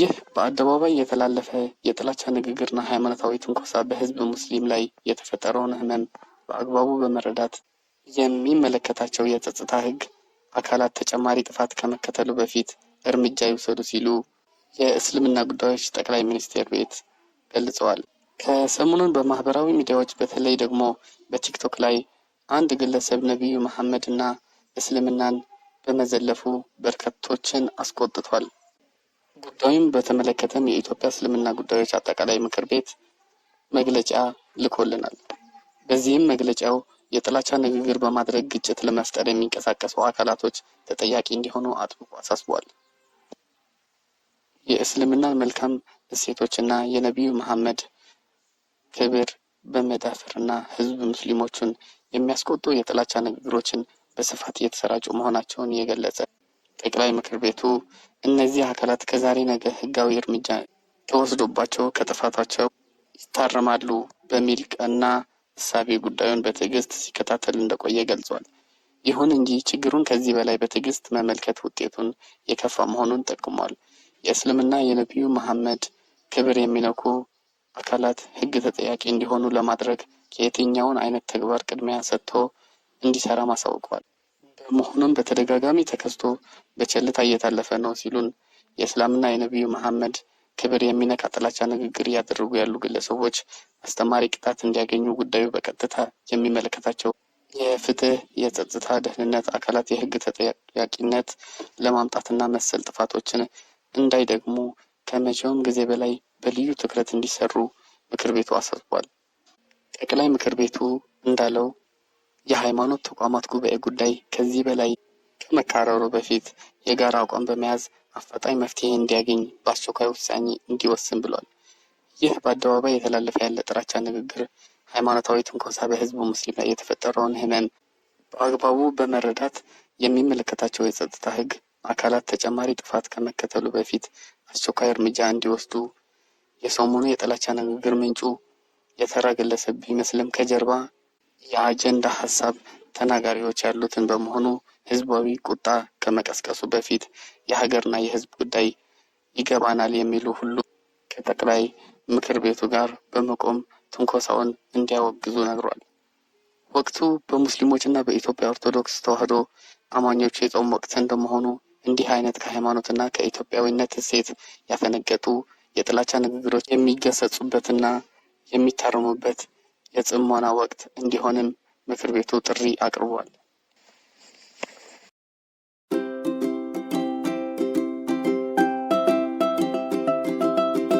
ይህ በአደባባይ የተላለፈ የጥላቻ ንግግርና ሃይማኖታዊ ትንኮሳ በህዝብ ሙስሊም ላይ የተፈጠረውን ህመም በአግባቡ በመረዳት የሚመለከታቸው የጸጥታ ህግ አካላት ተጨማሪ ጥፋት ከመከተሉ በፊት እርምጃ ይውሰዱ ሲሉ የእስልምና ጉዳዮች ጠቅላይ ሚኒስቴር ቤት ገልጸዋል። ከሰሞኑን በማህበራዊ ሚዲያዎች በተለይ ደግሞ በቲክቶክ ላይ አንድ ግለሰብ ነቢዩ እና እስልምናን በመዘለፉ በርካቶችን አስቆጥቷል። ጉዳዩን በተመለከተም የኢትዮጵያ እስልምና ጉዳዮች አጠቃላይ ምክር ቤት መግለጫ ልኮልናል። በዚህም መግለጫው የጥላቻ ንግግር በማድረግ ግጭት ለመፍጠር የሚንቀሳቀሱ አካላቶች ተጠያቂ እንዲሆኑ አጥብቆ አሳስቧል። የእስልምናን መልካም እሴቶችና የነቢዩ መሐመድ ክብር በመዳፈርና ህዝብ ሙስሊሞቹን የሚያስቆጡ የጥላቻ ንግግሮችን በስፋት እየተሰራጩ መሆናቸውን የገለጸ ጠቅላይ ምክር ቤቱ እነዚህ አካላት ከዛሬ ነገ ህጋዊ እርምጃ ተወስዶባቸው ከጥፋታቸው ይታረማሉ በሚል ቀና እሳቤ ጉዳዩን በትዕግስት ሲከታተል እንደቆየ ገልጿል። ይሁን እንጂ ችግሩን ከዚህ በላይ በትዕግስት መመልከት ውጤቱን የከፋ መሆኑን ጠቅሟል። የእስልምና የነቢዩ መሐመድ ክብር የሚነኩ አካላት ህግ ተጠያቂ እንዲሆኑ ለማድረግ ከየትኛውን አይነት ተግባር ቅድሚያ ሰጥቶ እንዲሰራ ማሳውቀዋል። መሆኑን በተደጋጋሚ ተከስቶ በቸልታ እየታለፈ ነው ሲሉን የእስላምና የነቢዩ መሐመድ ክብር የሚነካ ጥላቻ ንግግር እያደረጉ ያሉ ግለሰቦች አስተማሪ ቅጣት እንዲያገኙ ጉዳዩ በቀጥታ የሚመለከታቸው የፍትህ፣ የጸጥታ፣ ደህንነት አካላት የህግ ተጠያቂነት ለማምጣትና መሰል ጥፋቶችን እንዳይደግሙ ከመቼውም ጊዜ በላይ በልዩ ትኩረት እንዲሰሩ ምክር ቤቱ አሳስቧል። ጠቅላይ ምክር ቤቱ እንዳለው የሃይማኖት ተቋማት ጉባኤ ጉዳይ ከዚህ በላይ ከመካረሩ በፊት የጋራ አቋም በመያዝ አፋጣኝ መፍትሄ እንዲያገኝ በአስቸኳይ ውሳኔ እንዲወስን ብሏል። ይህ በአደባባይ የተላለፈ ያለ ጥላቻ ንግግር፣ ሃይማኖታዊ ትንኮሳ በህዝቡ ሙስሊም ላይ የተፈጠረውን ህመም በአግባቡ በመረዳት የሚመለከታቸው የጸጥታ ህግ አካላት ተጨማሪ ጥፋት ከመከተሉ በፊት አስቸኳይ እርምጃ እንዲወስዱ። የሰሞኑ የጥላቻ ንግግር ምንጩ የተራ ግለሰብ ቢመስልም ከጀርባ የአጀንዳ ሀሳብ ተናጋሪዎች ያሉትን በመሆኑ ህዝባዊ ቁጣ ከመቀስቀሱ በፊት የሀገርና የህዝብ ጉዳይ ይገባናል የሚሉ ሁሉ ከጠቅላይ ምክር ቤቱ ጋር በመቆም ትንኮሳውን እንዲያወግዙ ነግሯል። ወቅቱ በሙስሊሞች እና በኢትዮጵያ ኦርቶዶክስ ተዋሕዶ አማኞች የጾም ወቅት እንደመሆኑ እንዲህ አይነት ከሃይማኖትና ከኢትዮጵያዊነት እሴት ያፈነገጡ የጥላቻ ንግግሮች የሚገሰጹበትና የሚታረሙበት የጽሞና ወቅት እንዲሆንም ምክር ቤቱ ጥሪ አቅርቧል